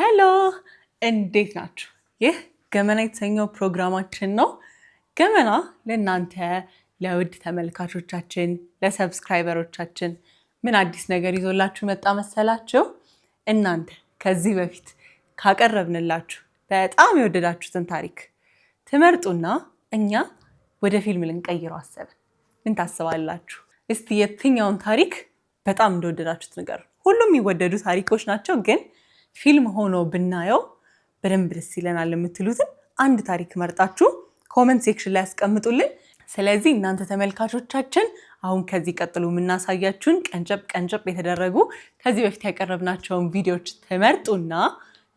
ሄሎ እንዴት ናችሁ? ይህ ገመና የተሰኘው ፕሮግራማችን ነው። ገመና ለእናንተ ለውድ ተመልካቾቻችን፣ ለሰብስክራይበሮቻችን ምን አዲስ ነገር ይዞላችሁ መጣ መሰላችሁ? እናንተ ከዚህ በፊት ካቀረብንላችሁ በጣም የወደዳችሁትን ታሪክ ትመርጡና እኛ ወደ ፊልም ልንቀይረው አሰብን። ምን ታስባላችሁ? እስቲ የትኛውን ታሪክ በጣም እንደወደዳችሁት ንገሩ። ሁሉም የሚወደዱ ታሪኮች ናቸው ግን ፊልም ሆኖ ብናየው በደንብ ደስ ይለናል የምትሉትን አንድ ታሪክ መርጣችሁ ኮመንት ሴክሽን ላይ ያስቀምጡልን። ስለዚህ እናንተ ተመልካቾቻችን አሁን ከዚህ ቀጥሎ የምናሳያችሁን ቀንጨብ ቀንጨብ የተደረጉ ከዚህ በፊት ያቀረብናቸውን ቪዲዮዎች ትመርጡና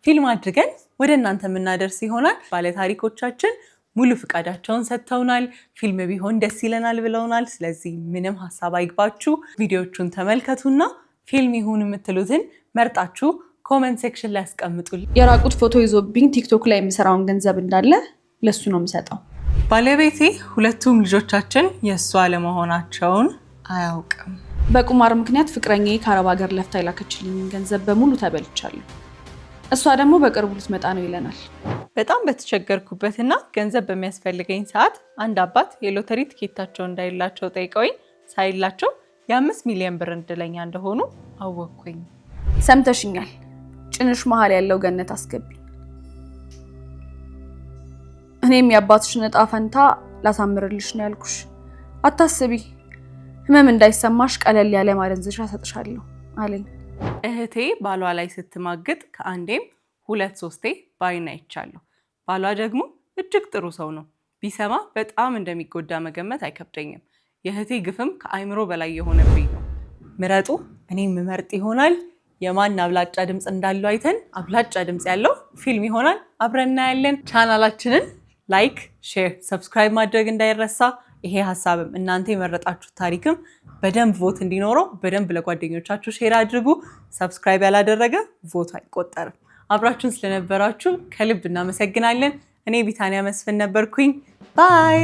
ፊልም አድርገን ወደ እናንተ የምናደርስ ይሆናል። ባለታሪኮቻችን ሙሉ ፍቃዳቸውን ሰጥተውናል። ፊልም ቢሆን ደስ ይለናል ብለውናል። ስለዚህ ምንም ሀሳብ አይግባችሁ፣ ቪዲዮቹን ተመልከቱና ፊልም ይሁን የምትሉትን መርጣችሁ ኮመንት ሴክሽን ላይ ያስቀምጡል። የራቁት ፎቶ ይዞብኝ ቲክቶክ ላይ የሚሰራውን ገንዘብ እንዳለ ለሱ ነው የምሰጠው። ባለቤቴ ሁለቱም ልጆቻችን የእሱ አለመሆናቸውን አያውቅም። በቁማር ምክንያት ፍቅረኛ ከአረብ ሀገር ለፍታ የላከችልኝን ገንዘብ በሙሉ ተበልቻለሁ። እሷ ደግሞ በቅርቡ ልትመጣ ነው ይለናል። በጣም በተቸገርኩበትና ገንዘብ በሚያስፈልገኝ ሰዓት አንድ አባት የሎተሪ ትኬታቸው እንዳይላቸው ጠይቀውኝ ሳይላቸው የአምስት ሚሊዮን ብር እድለኛ እንደሆኑ አወቅኩኝ። ሰምተሽኛል። ጭንሽ መሀል ያለው ገነት አስገቢ። እኔም የአባትሽን እጣ ፈንታ ላሳምርልሽ ነው ያልኩሽ። አታስቢ፣ ህመም እንዳይሰማሽ ቀለል ያለ ማደንዘዣ እሰጥሻለሁ አለኝ። እህቴ ባሏ ላይ ስትማግጥ ከአንዴም ሁለት ሶስቴ ባይና አይቻለሁ። ባሏ ደግሞ እጅግ ጥሩ ሰው ነው። ቢሰማ በጣም እንደሚጎዳ መገመት አይከብደኝም። የእህቴ ግፍም ከአእምሮ በላይ የሆነብኝ ነው። ምረጡ፣ እኔም ምመርጥ ይሆናል። የማን አብላጫ ድምፅ እንዳለው አይተን አብላጫ ድምፅ ያለው ፊልም ይሆናል። አብረን እናያለን። ቻናላችንን ላይክ፣ ሼር፣ ሰብስክራይብ ማድረግ እንዳይረሳ። ይሄ ሀሳብም እናንተ የመረጣችሁት ታሪክም በደንብ ቮት እንዲኖረው በደንብ ለጓደኞቻችሁ ሼር አድርጉ። ሰብስክራይብ ያላደረገ ቮት አይቆጠርም። አብራችሁን ስለነበራችሁ ከልብ እናመሰግናለን። እኔ ቢታንያ መስፍን ነበርኩኝ። ባይ